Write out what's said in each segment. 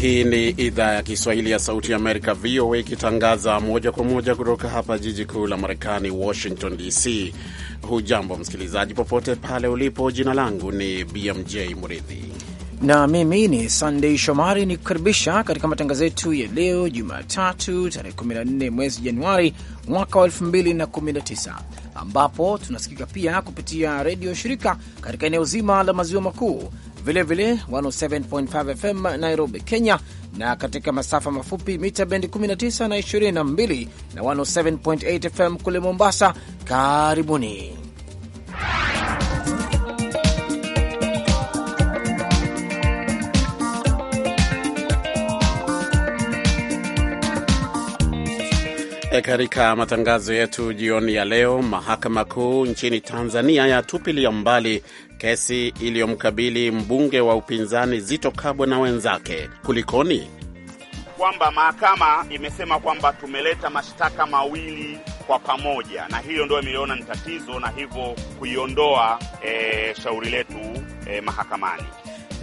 Hii ni idhaa ya Kiswahili ya Sauti ya Amerika, VOA, ikitangaza moja kwa moja kutoka hapa jiji kuu la Marekani, Washington DC. Hujambo msikilizaji, popote pale ulipo. Jina langu ni BMJ Murithi na mimi ni Sandei Shomari, ni kukaribisha katika matangazo yetu ya leo Jumatatu, tarehe 14 mwezi Januari mwaka wa 2019 ambapo tunasikika pia kupitia redio shirika katika eneo zima la maziwa makuu vilevile 107.5 FM Nairobi, Kenya, na katika masafa mafupi mita bendi 19 na 22 na 107.8 FM kule Mombasa. Karibuni. E, katika matangazo yetu jioni ya leo, mahakama kuu nchini Tanzania yatupilia mbali kesi iliyomkabili mbunge wa upinzani Zito Kabwe na wenzake. Kulikoni? Kwamba mahakama imesema kwamba tumeleta mashtaka mawili kwa pamoja, na hiyo ndio imeliona ni tatizo, na hivyo kuiondoa e, shauri letu e, mahakamani.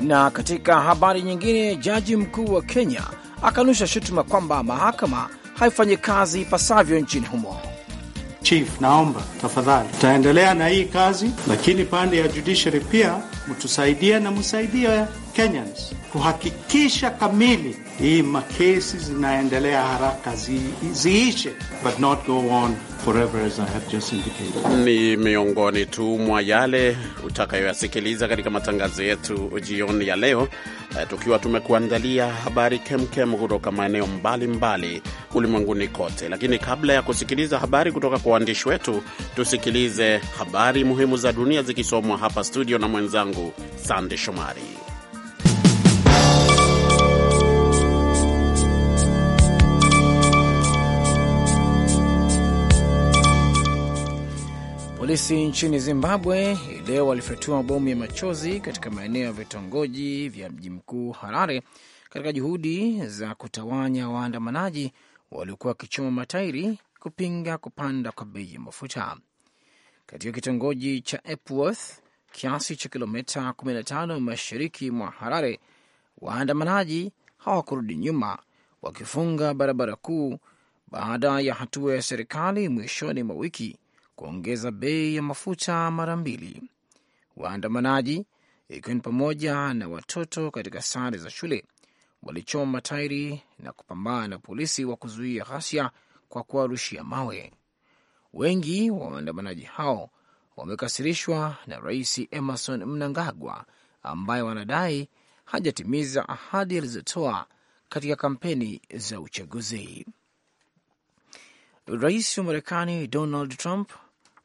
Na katika habari nyingine, jaji mkuu wa Kenya akanusha shutuma kwamba mahakama haifanyi kazi ipasavyo nchini humo. Chief, naomba tafadhali, tutaendelea na hii kazi, lakini pande ya judiciary pia mtusaidie na msaidie Kenyans kuhakikisha kamili hii makesi zinaendelea haraka zi, ziishe but not go on forever as I have just indicated. Ni miongoni tu mwa yale utakayoyasikiliza katika matangazo yetu jioni ya leo, eh, tukiwa tumekuandalia habari kemkem kutoka maeneo mbalimbali ulimwenguni kote. Lakini kabla ya kusikiliza habari kutoka kwa waandishi wetu, tusikilize habari muhimu za dunia zikisomwa hapa studio na mwenzangu Sande Shomari. Polisi nchini Zimbabwe leo walifyatua mabomu ya machozi katika maeneo ya vitongoji vya mji mkuu Harare katika juhudi za kutawanya waandamanaji waliokuwa wakichoma matairi kupinga kupanda kwa bei ya mafuta katika kitongoji cha Epworth kiasi cha kilomita 15 mashariki mwa Harare. Waandamanaji hawakurudi nyuma, wakifunga barabara kuu baada ya hatua ya serikali mwishoni mwa wiki kuongeza bei ya mafuta mara mbili. Waandamanaji, ikiwa ni pamoja na watoto katika sare za shule, walichoma matairi na kupambana na polisi wa kuzuia ghasia kwa kuwarushia mawe. Wengi wa waandamanaji hao wamekasirishwa na Rais Emerson Mnangagwa ambaye wanadai hajatimiza ahadi alizotoa katika kampeni za uchaguzi. Rais wa Marekani Donald Trump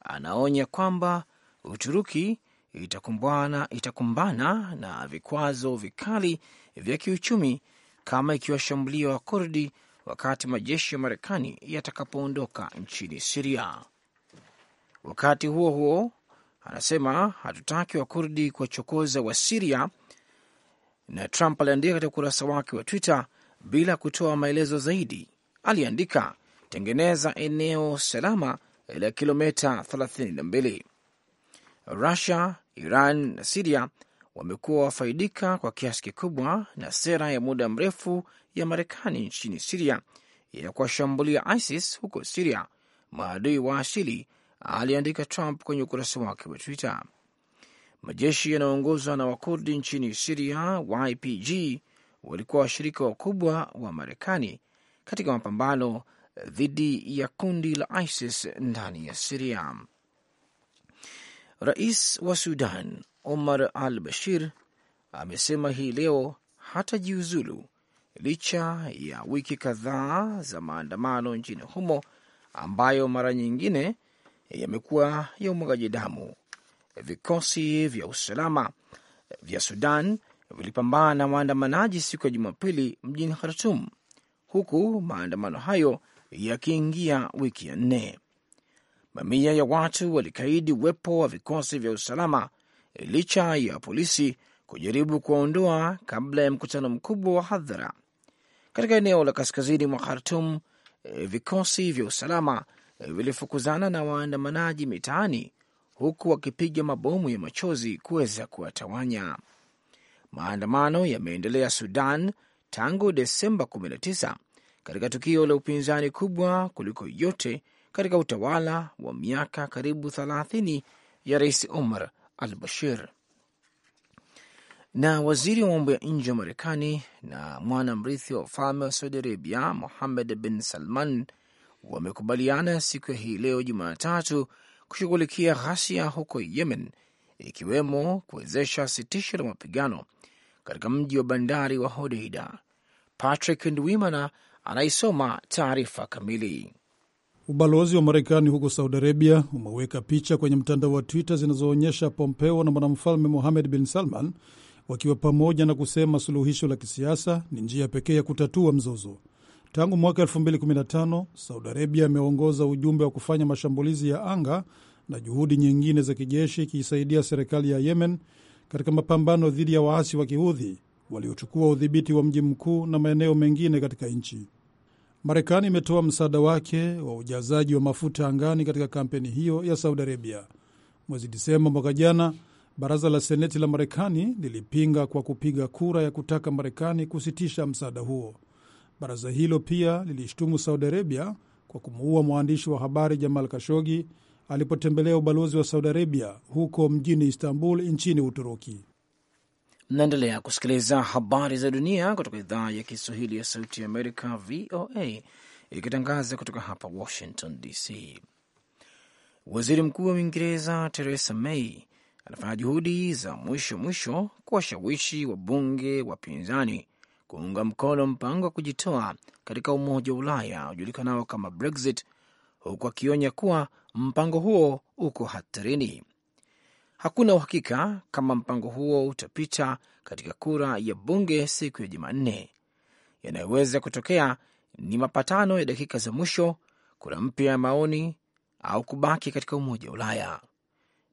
anaonya kwamba Uturuki itakumbana, itakumbana na vikwazo vikali vya kiuchumi kama ikiwashambulia Wakurdi wakati majeshi ya Marekani yatakapoondoka nchini Siria. Wakati huo huo, anasema hatutaki Wakurdi kuwachokoza wa Siria, na Trump aliandika katika ukurasa wake wa Twitter bila kutoa maelezo zaidi. Aliandika, tengeneza eneo salama la kilomita 32. Rusia, Iran na Siria wamekuwa wafaidika kwa kiasi kikubwa na sera ya muda mrefu ya Marekani nchini Siria ya kuwashambulia ISIS huko Siria, maadui wa asili, aliandika Trump kwenye ukurasa wake wa Twitter. Majeshi yanayoongozwa na Wakurdi nchini Siria, YPG, walikuwa washirika wakubwa wa Marekani katika mapambano dhidi ya kundi la ISIS ndani ya Siria. Rais wa Sudan Omar al Bashir amesema hii leo hatajiuzulu licha ya wiki kadhaa za maandamano nchini humo ambayo mara nyingine yamekuwa ya umwagaji damu. Vikosi vya usalama vya Sudan vilipambana na waandamanaji siku ya Jumapili mjini Khartum, huku maandamano hayo yakiingia wiki ya nne. Mamia ya watu walikaidi uwepo wa vikosi vya usalama licha ya polisi kujaribu kuwaondoa kabla ya mkutano mkubwa wa hadhara katika eneo la kaskazini mwa Khartum. Eh, vikosi vya usalama eh, vilifukuzana na waandamanaji mitaani, huku wakipiga mabomu ya machozi kuweza kuwatawanya. Maandamano yameendelea Sudan tangu Desemba 19 katika tukio la upinzani kubwa kuliko yote katika utawala wa miaka karibu 30 ya Rais Omar al Bashir. Na waziri wa mambo ya nje wa Marekani na mwana mrithi wa ufalme wa Saudi Arabia muhamed bin Salman wamekubaliana siku ya hii leo Jumatatu kushughulikia ghasia huko Yemen, ikiwemo kuwezesha sitisho la mapigano katika mji wa bandari wa Hodeida. Patrick Ndwimana anaisoma taarifa kamili. Ubalozi wa Marekani huko Saudi Arabia umeweka picha kwenye mtandao wa Twitter zinazoonyesha Pompeo na mwanamfalme Mohamed bin Salman wakiwa pamoja na kusema suluhisho la kisiasa ni njia pekee ya kutatua mzozo. Tangu mwaka 2015 Saudi Arabia ameongoza ujumbe wa kufanya mashambulizi ya anga na juhudi nyingine za kijeshi ikiisaidia serikali ya Yemen katika mapambano dhidi ya waasi wa kihudhi waliochukua udhibiti wa mji mkuu na maeneo mengine katika nchi. Marekani imetoa msaada wake wa ujazaji wa mafuta angani katika kampeni hiyo ya Saudi Arabia. Mwezi Disemba mwaka jana, baraza la seneti la Marekani lilipinga kwa kupiga kura ya kutaka Marekani kusitisha msaada huo. Baraza hilo pia lilishtumu Saudi Arabia kwa kumuua mwandishi wa habari Jamal Kashogi alipotembelea ubalozi wa Saudi Arabia huko mjini Istanbul nchini Uturuki. Mnaendelea kusikiliza habari za dunia kutoka idhaa ya Kiswahili ya Sauti ya Amerika, VOA, ikitangaza kutoka hapa Washington DC. Waziri Mkuu wa Uingereza Theresa May anafanya juhudi za mwisho mwisho kuwashawishi wabunge wapinzani kuunga mkono mpango wa kujitoa katika Umoja wa Ulaya ujulikanao kama Brexit, huku akionya kuwa mpango huo uko hatarini. Hakuna uhakika kama mpango huo utapita katika kura ya bunge siku ya Jumanne. Yanayoweza kutokea ni mapatano ya dakika za mwisho, kura mpya ya maoni au kubaki katika Umoja wa Ulaya.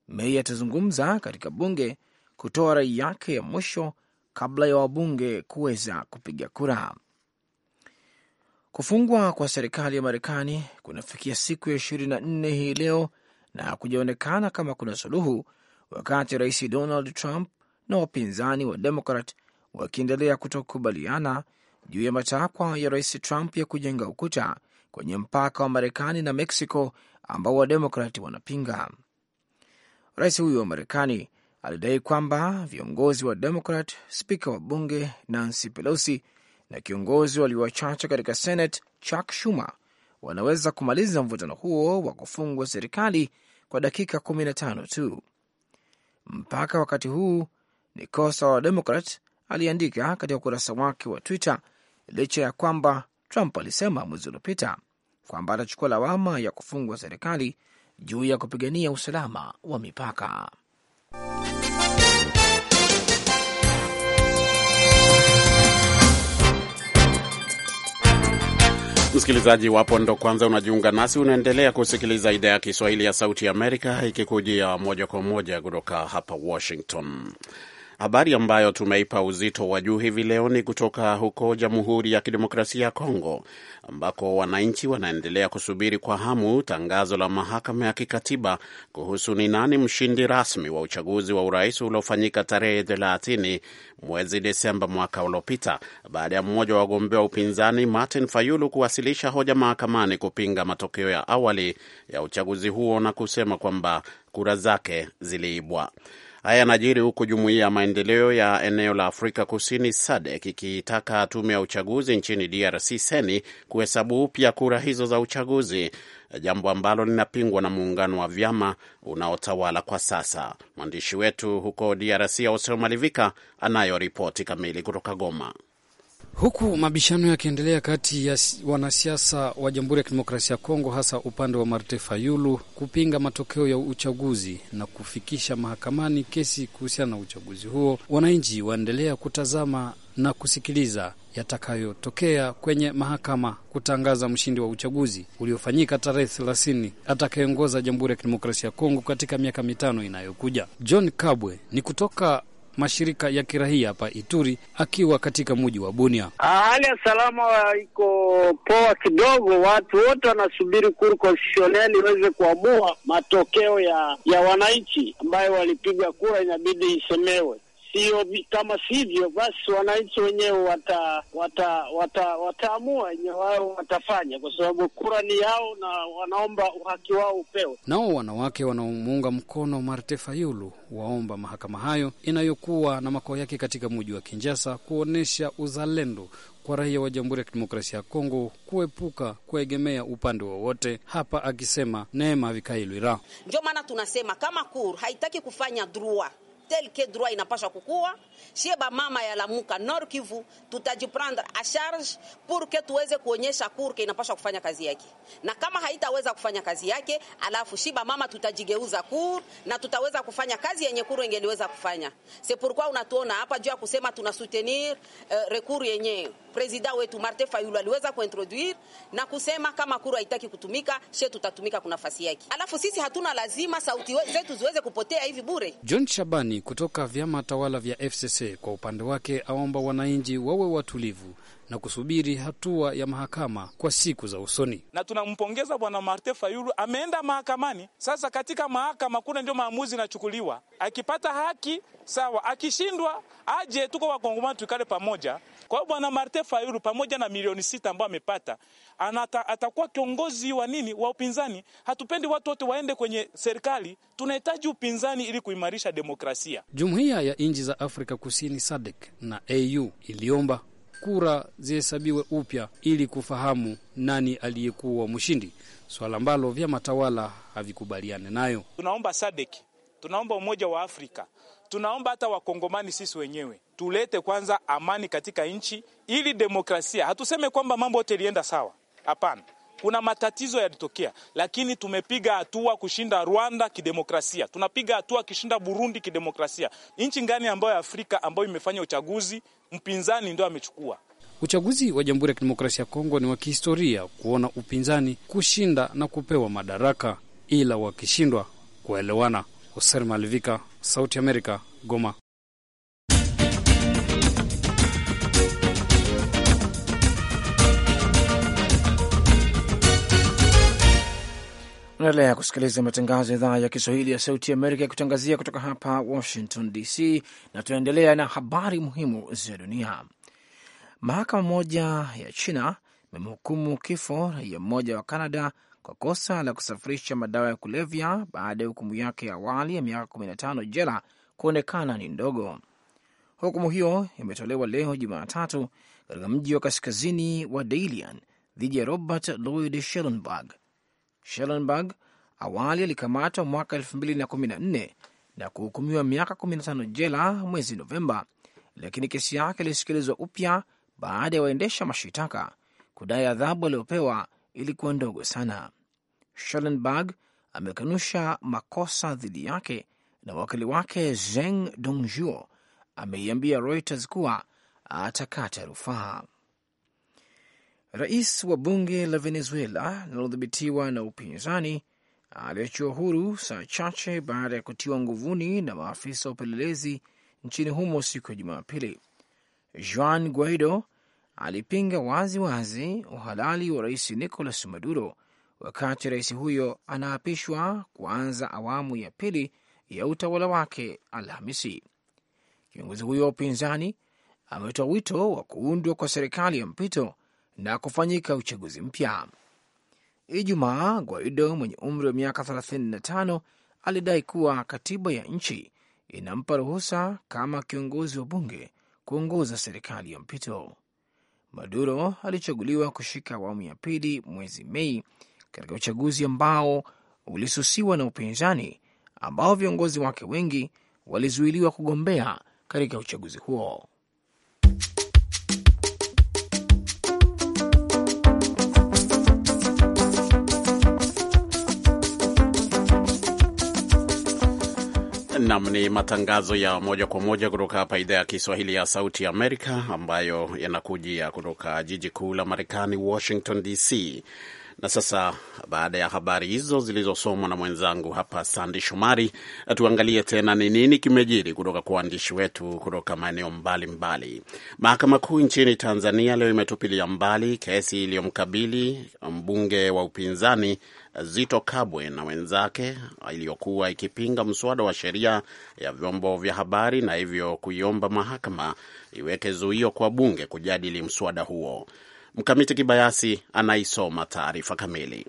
Mei atazungumza katika bunge kutoa rai yake ya mwisho kabla ya wabunge kuweza kupiga kura. Kufungwa kwa serikali ya Marekani kunafikia siku ya ishirini na nne hii leo na kujaonekana kama kuna suluhu wakati Rais Donald Trump na wapinzani wa Demokrat wakiendelea kutokubaliana juu ya matakwa ya Rais Trump ya kujenga ukuta kwenye mpaka wa Marekani na Meksiko ambao wademokrat wanapinga. Rais huyo wa Marekani alidai kwamba viongozi wa Demokrat, spika wa bunge Nancy Pelosi na kiongozi walio wachache katika Senate Chuck Schumer wanaweza kumaliza mvutano huo wa kufungwa serikali kwa dakika 15 tu mpaka wakati huu ni kosa wa Demokrat, aliandika katika ukurasa wake wa Twitter, licha ya kwamba Trump alisema mwezi uliopita kwamba atachukua lawama ya kufungwa serikali juu ya kupigania usalama wa mipaka. Msikilizaji wapo ndo kwanza unajiunga nasi, unaendelea kusikiliza idhaa ya Kiswahili ya Sauti ya Amerika ikikujia moja kwa moja kutoka hapa Washington. Habari ambayo tumeipa uzito wa juu hivi leo ni kutoka huko Jamhuri ya Kidemokrasia ya Kongo, ambako wananchi wanaendelea kusubiri kwa hamu tangazo la mahakama ya kikatiba kuhusu ni nani mshindi rasmi wa uchaguzi wa urais uliofanyika tarehe 30 mwezi Desemba mwaka uliopita, baada ya mmoja wa wagombea wa upinzani Martin Fayulu kuwasilisha hoja mahakamani kupinga matokeo ya awali ya uchaguzi huo na kusema kwamba kura zake ziliibwa. Haya yanajiri huku jumuiya ya maendeleo ya eneo la Afrika Kusini SADC ikiitaka tume ya uchaguzi nchini DRC seni kuhesabu upya kura hizo za uchaguzi, jambo ambalo linapingwa na muungano wa vyama unaotawala kwa sasa. Mwandishi wetu huko DRC oseo Malivika anayo ripoti kamili kutoka Goma. Huku mabishano yakiendelea kati ya wanasiasa wa Jamhuri ya Kidemokrasia ya Kongo, hasa upande wa marte Fayulu kupinga matokeo ya uchaguzi na kufikisha mahakamani kesi kuhusiana na uchaguzi huo, wananchi waendelea kutazama na kusikiliza yatakayotokea kwenye mahakama kutangaza mshindi wa uchaguzi uliofanyika tarehe thelathini atakayeongoza Jamhuri ya Kidemokrasia ya Kongo katika miaka mitano inayokuja. John Kabwe ni kutoka mashirika ya kirahia hapa Ituri, akiwa katika muji wa Bunia. Ah, hali ya salama iko poa kidogo, watu wote wanasubiri kuru konstitusioneli iweze kuamua matokeo ya ya wananchi ambayo walipiga kura, inabidi isemewe sio kama sivyo, basi wananchi wenyewe wata wataamua wata, wataamua enye wao watafanya, kwa sababu kura ni yao na wanaomba uhaki wao upewe. Nao wanawake wanaomuunga mkono Marte Fayulu waomba mahakama hayo inayokuwa na makao yake katika muji wa Kinjasa kuonyesha uzalendo kwa raia wa Jamhuri ya Kidemokrasia ya Kongo kuepuka kuegemea upande wowote. Hapa akisema Neema Vikailwira, ndio maana tunasema kama kur haitaki kufanya drua tel que droit inapaswa kukua ba mama ya Lamuka Nord Kivu tutajiprendre a charge pour que tuweze kuonyesha kurke inapaswa kufanya kazi yake, na kama haitaweza kufanya kazi yake, alafu shiba mama tutajigeuza kur na tutaweza kufanya kazi yenye kuru ingeliweza kufanya. C'est pourquoi unatuona hapa juu ya kusema tuna soutenir uh, recours yenye president wetu Martin Fayulu aliweza kuintroduire na kusema kama kuru haitaki kutumika, shie tutatumika kuna nafasi yake. Alafu sisi hatuna lazima sauti zetu ziweze kupotea hivi bure. John Shabani kutoka vyama tawala vya FC FCC kwa upande wake aomba wananchi wawe watulivu na kusubiri hatua ya mahakama kwa siku za usoni. Na tunampongeza Bwana marte Fayulu, ameenda mahakamani. Sasa katika mahakama kuna ndio maamuzi inachukuliwa, akipata haki sawa, akishindwa aje, tuko wakongomani tuikale pamoja. Kwa hiyo Bwana marte Fayulu pamoja na milioni sita ambayo amepata anata, atakuwa kiongozi wa nini wa upinzani. Hatupendi watu wote waende kwenye serikali, tunahitaji upinzani ili kuimarisha demokrasia. Jumuiya ya nchi za Afrika Kusini SADC na AU iliomba kura zihesabiwe upya ili kufahamu nani aliyekuwa mshindi, swala ambalo vyama tawala havikubaliane nayo. Tunaomba SADC, tunaomba Umoja wa Afrika, tunaomba hata Wakongomani sisi wenyewe tulete kwanza amani katika nchi ili demokrasia. Hatuseme kwamba mambo yote ilienda sawa, hapana. Kuna matatizo yalitokea, lakini tumepiga hatua kushinda Rwanda kidemokrasia, tunapiga hatua kushinda Burundi kidemokrasia. Nchi ngani ambayo Afrika ambayo imefanya uchaguzi mpinzani ndio amechukua. Uchaguzi wa Jamhuri ya Kidemokrasia ya Kongo ni wa kihistoria kuona upinzani kushinda na kupewa madaraka, ila wakishindwa kuelewana. Hoser Malivika, Sauti Amerika, Goma. Unaendelea kusikiliza matangazo ya idhaa ya Kiswahili ya Sauti ya kutangazia kutoka hapa Washington DC, na tunaendelea na habari muhimu za dunia. Mahakama moja ya China imemhukumu kifo raia mmoja wa Canada kwa kosa la kusafirisha madawa ya kulevya baada ya hukumu yake ya awali ya miaka 15 jela kuonekana ni ndogo. Hukumu hiyo imetolewa leo Jumatatu katika mji wa kaskazini wa Dalian dhidi ya Robert Lloyd Shellenberg Shellenberg awali alikamatwa mwaka 2014 na kuhukumiwa miaka 15 jela mwezi Novemba, lakini kesi yake ilisikilizwa upya baada ya waendesha mashitaka kudai adhabu aliyopewa ilikuwa ndogo sana. Shellenberg amekanusha makosa dhidi yake na wakili wake Zeng Dongjuo ameiambia Reuters kuwa atakata rufaa. Rais wa bunge la Venezuela linalodhibitiwa na upinzani aliachiwa huru saa chache baada ya kutiwa nguvuni na maafisa wa upelelezi nchini humo siku ya Jumapili. Juan Guaido alipinga wazi wazi uhalali wa rais Nicolas Maduro wakati rais huyo anaapishwa kuanza awamu ya pili ya utawala wake Alhamisi. Kiongozi huyo wa upinzani ametoa wito wa kuundwa kwa serikali ya mpito na kufanyika uchaguzi mpya. Ijumaa, Guaido mwenye umri wa miaka 35 alidai kuwa katiba ya nchi inampa ruhusa kama kiongozi wa bunge kuongoza serikali ya mpito. Maduro alichaguliwa kushika awamu ya pili mwezi Mei katika uchaguzi ambao ulisusiwa na upinzani ambao viongozi wake wengi walizuiliwa kugombea katika uchaguzi huo. Nam ni matangazo ya moja kwa moja kutoka hapa idhaa ya Kiswahili ya Sauti ya Amerika ambayo yanakujia kutoka jiji kuu la Marekani, Washington DC. Na sasa baada ya habari hizo zilizosomwa na mwenzangu hapa Sandi Shomari, tuangalie tena ni nini kimejiri kutoka kwa waandishi wetu kutoka maeneo mbalimbali. Mahakama Kuu nchini Tanzania leo imetupilia mbali kesi iliyomkabili mbunge wa upinzani Zito Kabwe na wenzake iliyokuwa ikipinga mswada wa sheria ya vyombo vya habari na hivyo kuiomba mahakama iweke zuio kwa bunge kujadili mswada huo. Mkamiti Kibayasi anaisoma taarifa kamili.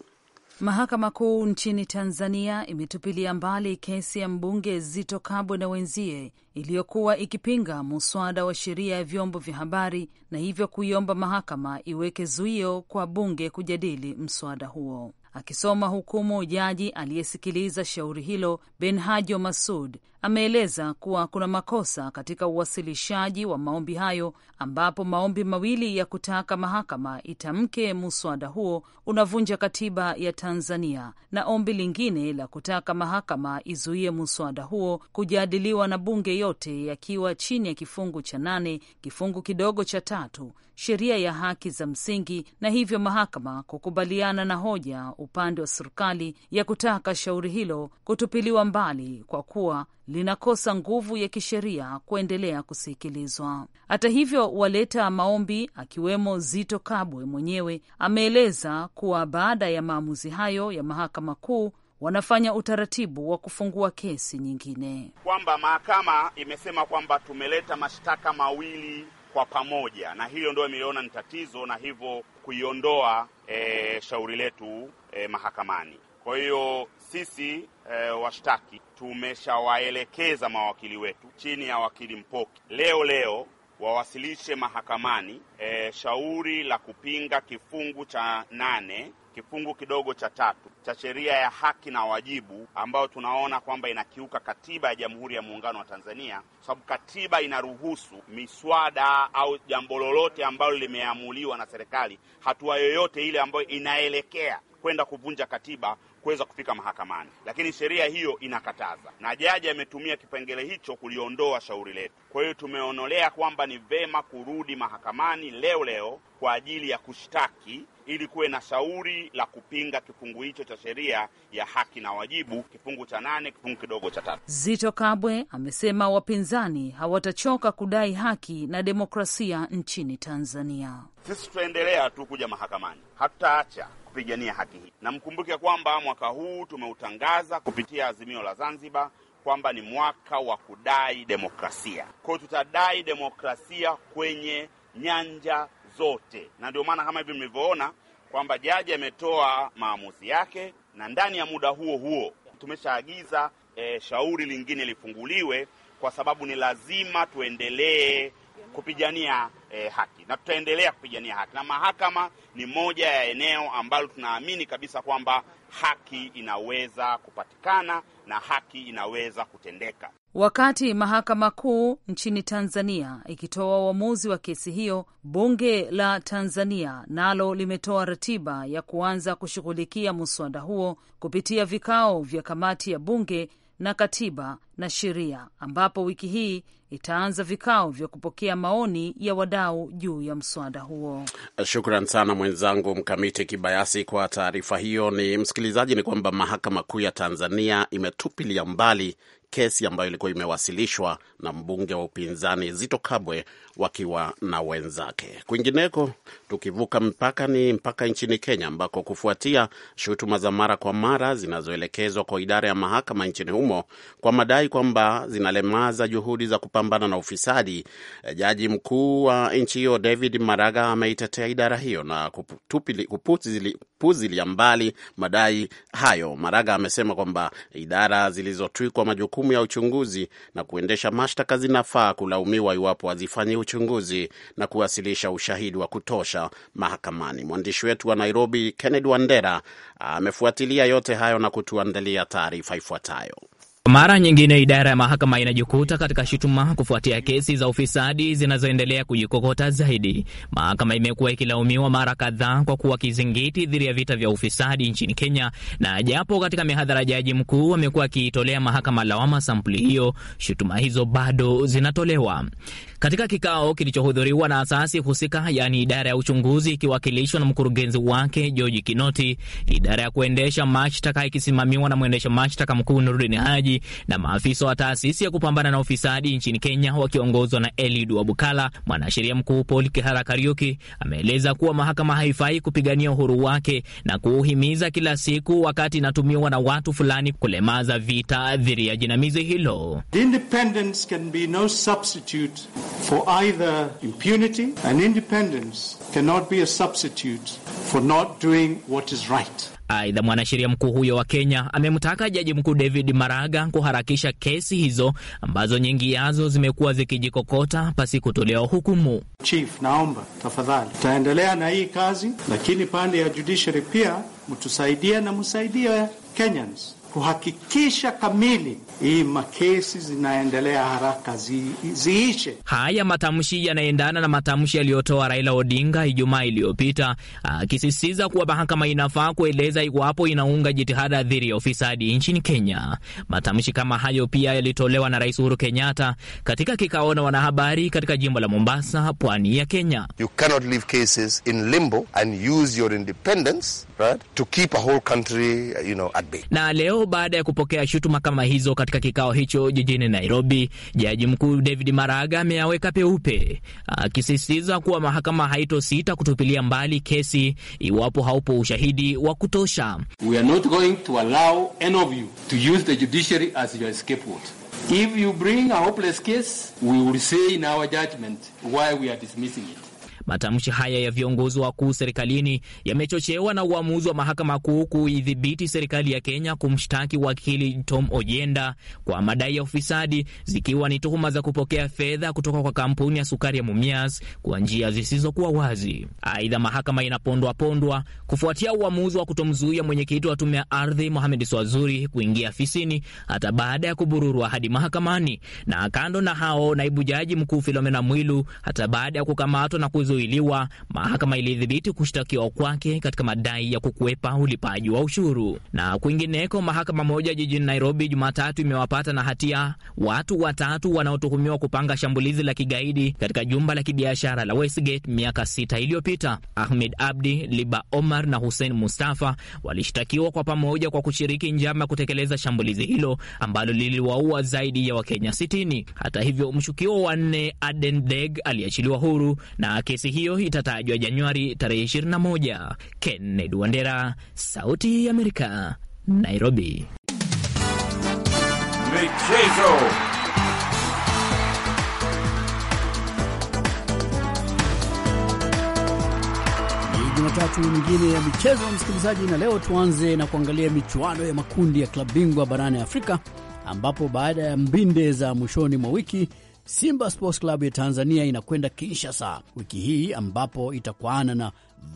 Mahakama Kuu nchini Tanzania imetupilia mbali kesi ya mbunge Zito Kabwe na wenzie iliyokuwa ikipinga muswada wa sheria ya vyombo vya habari na hivyo kuiomba mahakama iweke zuio kwa bunge kujadili mswada huo. Akisoma hukumu, jaji aliyesikiliza shauri hilo Benhajo Masud ameeleza kuwa kuna makosa katika uwasilishaji wa maombi hayo, ambapo maombi mawili ya kutaka mahakama itamke muswada huo unavunja katiba ya Tanzania na ombi lingine la kutaka mahakama izuie muswada huo kujadiliwa na bunge, yote yakiwa chini ya kifungu cha nane kifungu kidogo cha tatu sheria ya haki za msingi, na hivyo mahakama kukubaliana na hoja upande wa serikali ya kutaka shauri hilo kutupiliwa mbali kwa kuwa linakosa nguvu ya kisheria kuendelea kusikilizwa. Hata hivyo, waleta maombi akiwemo Zito Kabwe mwenyewe ameeleza kuwa baada ya maamuzi hayo ya mahakama kuu wanafanya utaratibu wa kufungua kesi nyingine, kwamba mahakama imesema kwamba tumeleta mashtaka mawili kwa pamoja, na hiyo ndio imeliona ni tatizo, na hivyo kuiondoa e, shauri letu e, mahakamani. Kwa hiyo sisi e, washtaki tumeshawaelekeza mawakili wetu chini ya wakili Mpoki leo leo wawasilishe mahakamani e, shauri la kupinga kifungu cha nane kifungu kidogo cha tatu cha sheria ya haki na wajibu, ambayo tunaona kwamba inakiuka katiba ya Jamhuri ya Muungano wa Tanzania, kwa sababu katiba inaruhusu miswada au jambo lolote ambalo limeamuliwa na serikali, hatua yoyote ile ambayo inaelekea kwenda kuvunja katiba kuweza kufika mahakamani, lakini sheria hiyo inakataza, na jaji ametumia kipengele hicho kuliondoa shauri letu. Kwa hiyo tumeonolea kwamba ni vema kurudi mahakamani leo leo kwa ajili ya kushtaki ili kuwe na shauri la kupinga kifungu hicho cha sheria ya haki na wajibu, kifungu cha nane kifungu kidogo cha tatu. Zito Kabwe amesema wapinzani hawatachoka kudai haki na demokrasia nchini Tanzania. Sisi tutaendelea tu kuja mahakamani, hatutaacha kupigania haki hii, Namkumbuke kwamba mwaka huu tumeutangaza kupitia azimio la Zanzibar kwamba ni mwaka wa kudai demokrasia. Kwa hiyo tutadai demokrasia kwenye nyanja zote, na ndio maana kama hivi mlivyoona kwamba jaji ametoa maamuzi yake, na ndani ya muda huo huo tumeshaagiza e, shauri lingine lifunguliwe, kwa sababu ni lazima tuendelee kupigania e, haki na tutaendelea kupigania haki, na mahakama ni moja ya eneo ambalo tunaamini kabisa kwamba haki inaweza kupatikana na haki inaweza kutendeka. Wakati mahakama kuu nchini Tanzania ikitoa uamuzi wa kesi hiyo, bunge la Tanzania nalo limetoa ratiba ya kuanza kushughulikia muswada huo kupitia vikao vya kamati ya bunge na katiba na sheria, ambapo wiki hii itaanza vikao vya kupokea maoni ya wadau juu ya mswada huo. Shukran sana mwenzangu Mkamiti Kibayasi kwa taarifa hiyo. Ni msikilizaji, ni kwamba mahakama kuu ya Tanzania imetupilia mbali kesi ambayo ilikuwa imewasilishwa na mbunge wa upinzani Zito Kabwe wakiwa na wenzake. Kwingineko, tukivuka mpaka ni mpaka nchini Kenya ambako kufuatia shutuma za mara kwa mara zinazoelekezwa kwa idara ya mahakama nchini humo kwa madai kwamba zinalemaza juhudi za kupambana na ufisadi, eh, jaji mkuu wa nchi hiyo David Maraga ameitetea idara hiyo na kupuzilia mbali madai hayo. Maraga amesema kwamba idara zilizotwikwa majukumu majukumu ya uchunguzi na kuendesha mashtaka zinafaa kulaumiwa iwapo hazifanyi uchunguzi na kuwasilisha ushahidi wa kutosha mahakamani. Mwandishi wetu wa Nairobi, Kennedy Wandera, amefuatilia yote hayo na kutuandalia taarifa ifuatayo. Mara nyingine idara ya mahakama inajikuta katika shutuma kufuatia kesi za ufisadi zinazoendelea kujikokota zaidi. Mahakama imekuwa ikilaumiwa mara kadhaa kwa kuwa kizingiti dhidi ya vita vya ufisadi nchini Kenya, na japo katika mihadhara jaji mkuu amekuwa akiitolea mahakama lawama sampuli hiyo, shutuma hizo bado zinatolewa. Katika kikao kilichohudhuriwa na asasi husika, yaani idara ya uchunguzi ikiwakilishwa na mkurugenzi wake George Kinoti, idara ya kuendesha mashtaka ikisimamiwa na mwendesha mashtaka mkuu Nurdin Haji na maafisa wa taasisi ya kupambana na ufisadi nchini Kenya wakiongozwa na Eliud Wabukala, mwanasheria mkuu Paul Kihara Kariuki ameeleza kuwa mahakama haifai kupigania uhuru wake na kuuhimiza kila siku wakati inatumiwa na watu fulani kulemaza vita dhidi ya jinamizi hilo. Independence can be no substitute For either impunity and independence cannot be a substitute for not doing what is right. Aidha, mwanasheria mkuu huyo wa Kenya amemtaka jaji mkuu David Maraga kuharakisha kesi hizo ambazo nyingi yazo zimekuwa zikijikokota pasi kutolewa hukumu. Chief, naomba tafadhali, tutaendelea na hii kazi, lakini pande ya judiciary pia mtusaidie na msaidie Kenyans kuhakikisha kamili hii makesi zinaendelea haraka zi, ziishe. Haya matamshi yanaendana na matamshi yaliyotoa Raila Odinga Ijumaa iliyopita akisisitiza kuwa mahakama inafaa kueleza iwapo inaunga jitihada dhidi ya ufisadi nchini Kenya. Matamshi kama hayo pia yalitolewa na Rais Uhuru Kenyatta katika kikao na wanahabari katika jimbo la Mombasa, pwani ya Kenya. You cannot leave cases in limbo and use your independence, right, to keep a whole country, you know, at bay. Na leo baada ya kupokea shutuma kama hizo katika kikao hicho jijini Nairobi, jaji mkuu David Maraga ameyaweka peupe, akisisitiza kuwa mahakama haitosita kutupilia mbali kesi iwapo haupo ushahidi wa kutosha. We are not going to allow any of you to use the judiciary as your escape route. If you bring a hopeless case, we will say in our judgment why we are dismissing it. Matamshi haya ya viongozi wakuu serikalini yamechochewa na uamuzi wa mahakama kuu kuidhibiti serikali ya Kenya kumshtaki wakili Tom Ojenda kwa madai ya ufisadi, zikiwa ni tuhuma za kupokea fedha kutoka kwa kampuni ya sukari ya Mumias kwa njia zisizokuwa wazi. Aidha, mahakama inapondwa pondwa kufuatia uamuzi wa kutomzuia mwenyekiti wa tume ya ardhi Mohamed Swazuri kuingia afisini hata baada ya kubururwa hadi mahakamani, na kando na hao, naibu jaji mkuu Filomena Mwilu hata baada ya kukamatwa na kuzu kuzuiliwa, mahakama ilidhibiti kushtakiwa kwake katika madai ya kukwepa ulipaji wa ushuru. Na kwingineko, mahakama moja jijini Nairobi Jumatatu imewapata na hatia watu watatu wanaotuhumiwa kupanga shambulizi la kigaidi katika jumba la kibiashara la Westgate miaka sita iliyopita. Ahmed Abdi, Liba Omar na Hussein Mustafa walishtakiwa kwa pamoja kwa kushiriki njama ya kutekeleza shambulizi hilo ambalo liliwaua zaidi ya Wakenya 60. Hata hivyo, mshukiwa wa nne Aden Deg aliachiliwa huru na kesi Kesi hiyo itatajwa Januari tarehe 21. Kennedy Wandera, Sauti ya Amerika, Nairobi. Michezo. Jumatatu nyingine ya michezo msikilizaji, na leo tuanze na kuangalia michuano ya makundi ya klabu bingwa barani Afrika, ambapo baada ya mbinde za mwishoni mwa wiki Simba Sports Club ya Tanzania inakwenda Kinshasa wiki hii ambapo itakwaana na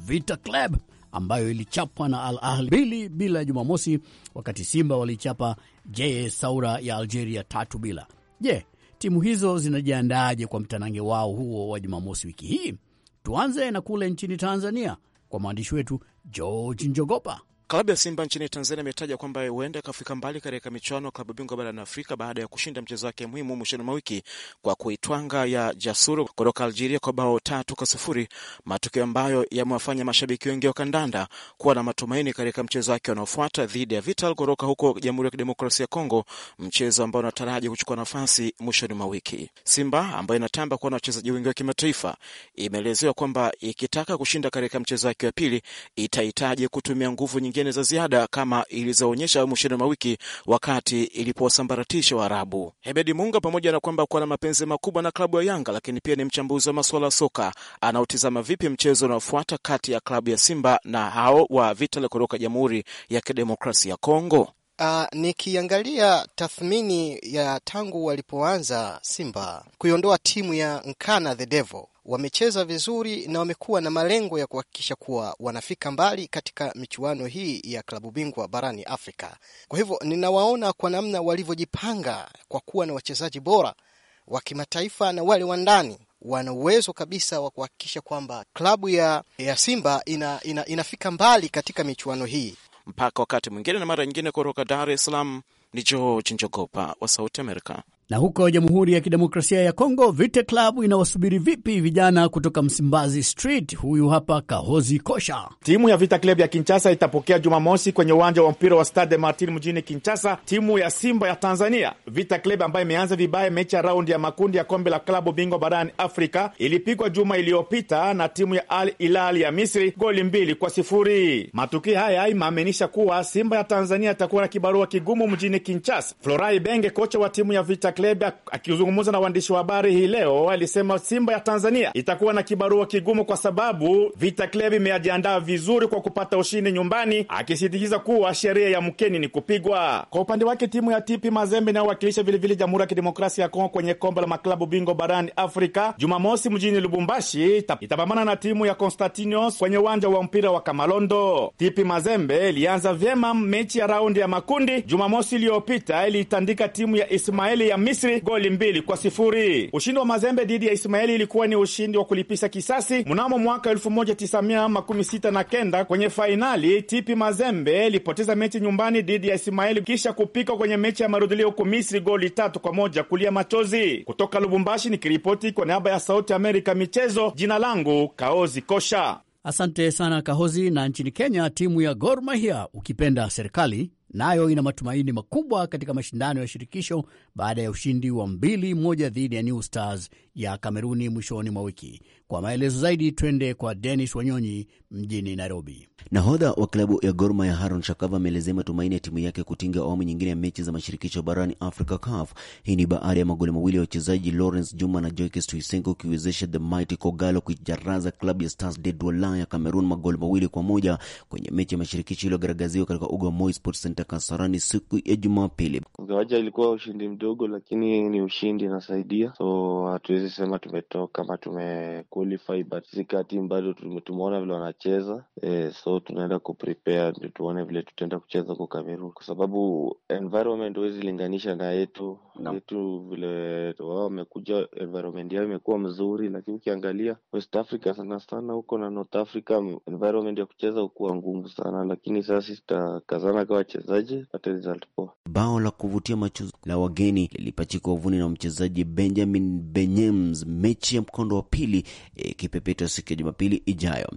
Vita Club ambayo ilichapwa na Al Ahli mbili bila Jumamosi, wakati Simba walichapa JS Saoura ya Algeria tatu bila. Je, timu hizo zinajiandaaje kwa mtanange wao huo wa Jumamosi wiki hii? Tuanze na kule nchini Tanzania kwa mwandishi wetu George Njogopa. Klabu ya Simba nchini Tanzania imetaja kwamba huenda ikafika mbali katika michuano ya klabu bingwa barani Afrika baada ya kushinda mchezo wake muhimu mwishoni mwa wiki kwa kuitwanga ya Jasuru kutoka Algeria kwa bao tatu kwa sufuri, matukio ambayo yamewafanya mashabiki wengi wa kandanda kuwa na matumaini katika mchezo wake unaofuata dhidi ya Vital kutoka huko Jamhuri ya Kidemokrasia ya Kongo, mchezo ambao unataraji kuchukua nafasi mwishoni mwa wiki. Simba ambayo inatamba kuwa na wachezaji wengi wa kimataifa, imeelezewa kwamba ikitaka kushinda katika mchezo wake wa pili itahitaji kutumia nguvu nyingi nyingine za ziada kama ilizoonyesha mwishoni mwa wiki wakati ilipowasambaratisha Waarabu. hebedi Munga, pamoja na kwamba kuwa na mapenzi makubwa na klabu ya Yanga, lakini pia ni mchambuzi wa masuala ya soka, anaotizama vipi mchezo unaofuata kati ya klabu ya Simba na hao wa Vitale kutoka Jamhuri ya Kidemokrasia ya Kongo. Uh, nikiangalia tathmini ya tangu walipoanza Simba kuiondoa timu ya Nkana the Devil wamecheza vizuri na wamekuwa na malengo ya kuhakikisha kuwa wanafika mbali katika michuano hii ya klabu bingwa barani Afrika. Kwa hivyo ninawaona kwa namna walivyojipanga kwa kuwa na wachezaji bora wa kimataifa na wale wa ndani wana uwezo kabisa wa kuhakikisha kwamba klabu ya, ya Simba ina, ina, inafika mbali katika michuano hii. Mpaka wakati mwingine na mara nyingine, kutoka Dar es Salaam ni George Njogopa wa Sauti Amerika. Na huko Jamhuri ya Kidemokrasia ya Kongo, Vite Club inawasubiri vipi vijana kutoka Msimbazi Street? Huyu hapa Kahozi Kosha. Timu ya Vita Club ya kinchasa itapokea Jumamosi kwenye uwanja wa mpira wa Stade Martin mjini kinchasa timu ya Simba ya Tanzania. Vita Club ambayo imeanza vibaya mechi ya raundi ya makundi ya kombe la klabu bingwa barani Afrika ilipigwa juma iliyopita na timu ya Al Hilal ya Misri goli mbili kwa sifuri. Matukio haya imeaminisha kuwa Simba ya Tanzania itakuwa na kibarua kigumu mjini Kinchasa. Florai Benge, kocha wa timu ya Vita Klebe akizungumza na waandishi wa habari hii leo alisema Simba ya Tanzania itakuwa na kibarua kigumu kwa sababu Vita Klebe imejiandaa vizuri kwa kupata ushindi nyumbani, akisisitiza kuwa sheria ya mkeni ni kupigwa. Kwa upande wake, timu ya TP Mazembe inayowakilisha vilevile Jamhuri ya Kidemokrasia ya Kongo kwenye kombe la maklabu bingwa barani Afrika Jumamosi mjini Lubumbashi itapambana na timu ya constantinos kwenye uwanja wa mpira wa Kamalondo. TP Mazembe ilianza vyema mechi ya raundi ya makundi Jumamosi iliyopita, ilitandika timu ya Ismaeli ya Misri goli mbili kwa sifuri. Ushindi wa Mazembe dhidi ya Ismaeli ilikuwa ni ushindi wa kulipisha kisasi mnamo mwaka 1969 kwenye fainali Tipi Mazembe ilipoteza mechi nyumbani dhidi ya Ismaeli kisha kupika kwenye mechi ya marudhulio huko Misri goli tatu kwa moja kulia machozi. Kutoka Lubumbashi nikiripoti kwa niaba ya Sauti Amerika michezo, jina langu Kaozi Kosha. Asante sana Kahozi. Na nchini Kenya, timu ya Gor Mahia ukipenda serikali nayo ina matumaini makubwa katika mashindano ya shirikisho baada ya ushindi wa mbili moja dhidi ya New Stars ya Kameruni mwishoni mwa wiki. Kwa maelezo zaidi, twende kwa Denis Wanyonyi mjini Nairobi. Nahodha wa klabu ya Gor Mahia Haron Shakava ameelezea matumaini ya timu yake kutinga awamu nyingine ya mechi za mashirikisho barani africa CAF. Hii ni baada ya magoli mawili ya wachezaji Lawrence Juma na Joyce Tuisenko kuiwezesha the mighty Kogalo kuijaraza klabu ya Stars de Douala ya Cameroon magoli mawili kwa moja kwenye mechi ya mashirikisho iliyogaragaziwa katika uga wa Moi Sports Center Kasarani siku ya Jumapili. Ingawaja ilikuwa ushindi mdogo, lakini ni ushindi inasaidia, so hatuwezi sema tumetoka ama tumequalify, but timu bado tumeona vile wana kucheza eh, so tunaenda kuprepare ndio tuone vile tutaenda kucheza kwa Cameroon, kwa sababu environment huwezi linganisha na yetu no. yetu vile wao wamekuja, environment yao imekuwa mzuri, lakini ukiangalia West Africa sana sana huko na North Africa environment ya kucheza hukuwa ngumu sana, lakini sasa tutakazana kwa wachezaji pate result poa. Bao la kuvutia macho la wageni lilipachikwa uvuni na mchezaji Benjamin Benyems, mechi ya mkondo wa pili eh, ikipepetwa siku ya Jumapili ijayo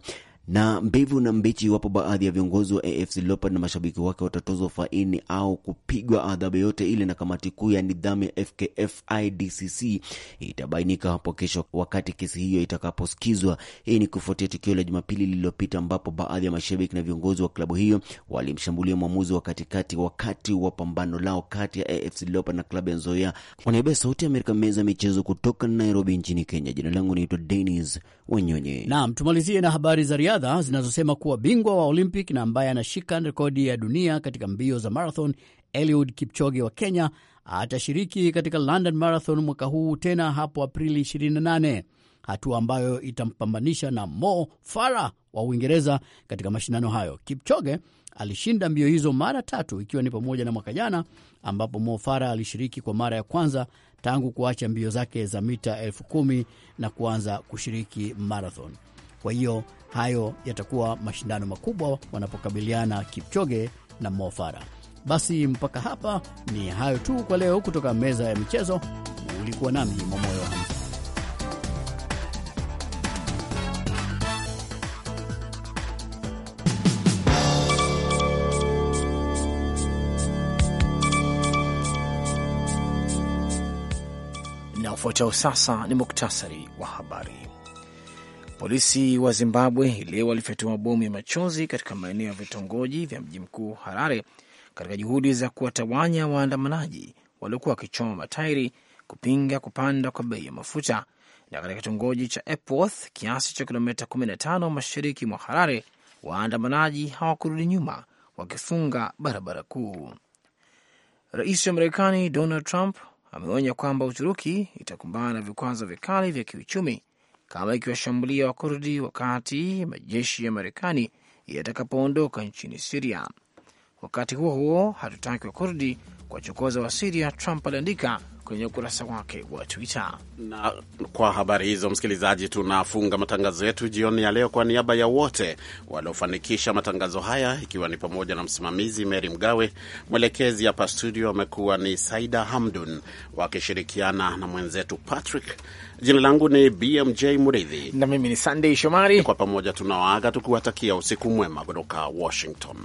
na mbivu na mbichi, iwapo baadhi ya viongozi wa AFC Leopards na mashabiki wake watatozwa faini au kupigwa adhabu yote ile na kamati kuu ya nidhamu ya FKF IDCC itabainika hapo kesho wakati kesi hiyo itakaposikizwa. Hii ni kufuatia tukio la Jumapili lililopita ambapo baadhi ya mashabiki na viongozi wa klabu hiyo walimshambulia mwamuzi wa katikati wakati wa pambano lao kati ya AFC Leopards na klabu ya Nzoia. Kwa niaba ya Sauti ya Amerika, meza ya michezo kutoka Nairobi nchini Kenya, jina langu naitwa Denis Wanyonyi. Naam, tumalizie na habari za riadha riadha zinazosema kuwa bingwa wa Olympic na ambaye anashika rekodi ya dunia katika mbio za marathon Eliud Kipchoge wa Kenya atashiriki katika London Marathon mwaka huu tena hapo Aprili 28, hatua ambayo itampambanisha na Mo Farah wa Uingereza katika mashindano hayo. Kipchoge alishinda mbio hizo mara tatu, ikiwa ni pamoja na mwaka jana ambapo Mo Farah alishiriki kwa mara ya kwanza tangu kuacha mbio zake za mita elfu kumi na kuanza kushiriki marathon. Kwa hiyo hayo yatakuwa mashindano makubwa wanapokabiliana Kipchoge na Mo Farah. Basi mpaka hapa ni hayo tu kwa leo, kutoka meza ya michezo. Ulikuwa nami Momoyo Hamza. Na ufuatao sasa ni muktasari wa habari. Polisi wa Zimbabwe leo walifyatua mabomu ya machozi katika maeneo ya vitongoji vya mji mkuu Harare katika juhudi za kuwatawanya waandamanaji waliokuwa wakichoma matairi kupinga kupanda kwa bei ya mafuta. Na katika kitongoji cha Epworth, kiasi cha kilomita 15 mashariki mwa Harare, waandamanaji hawakurudi nyuma, wakifunga barabara kuu. Rais wa Marekani Donald Trump ameonya kwamba Uturuki itakumbana na vikwazo vikali vya kiuchumi kama ikiwashambulia Wakurdi wakati majeshi ya Marekani yatakapoondoka nchini Siria. Wakati huo huo, hatutaki Wakurdi kuwachokoza Wasiria, Trump aliandika kwenye ukurasa wake wa Twitter. Na kwa habari hizo, msikilizaji, tunafunga matangazo yetu jioni ya leo. Kwa niaba ya wote waliofanikisha matangazo haya, ikiwa ni pamoja na msimamizi Meri Mgawe, mwelekezi hapa studio amekuwa ni Saida Hamdun, wakishirikiana na mwenzetu Patrick. Jina langu ni BMJ Muridhi na mimi ni Sandey Shomari. Kwa pamoja tunawaaga tukiwatakia usiku mwema kutoka Washington.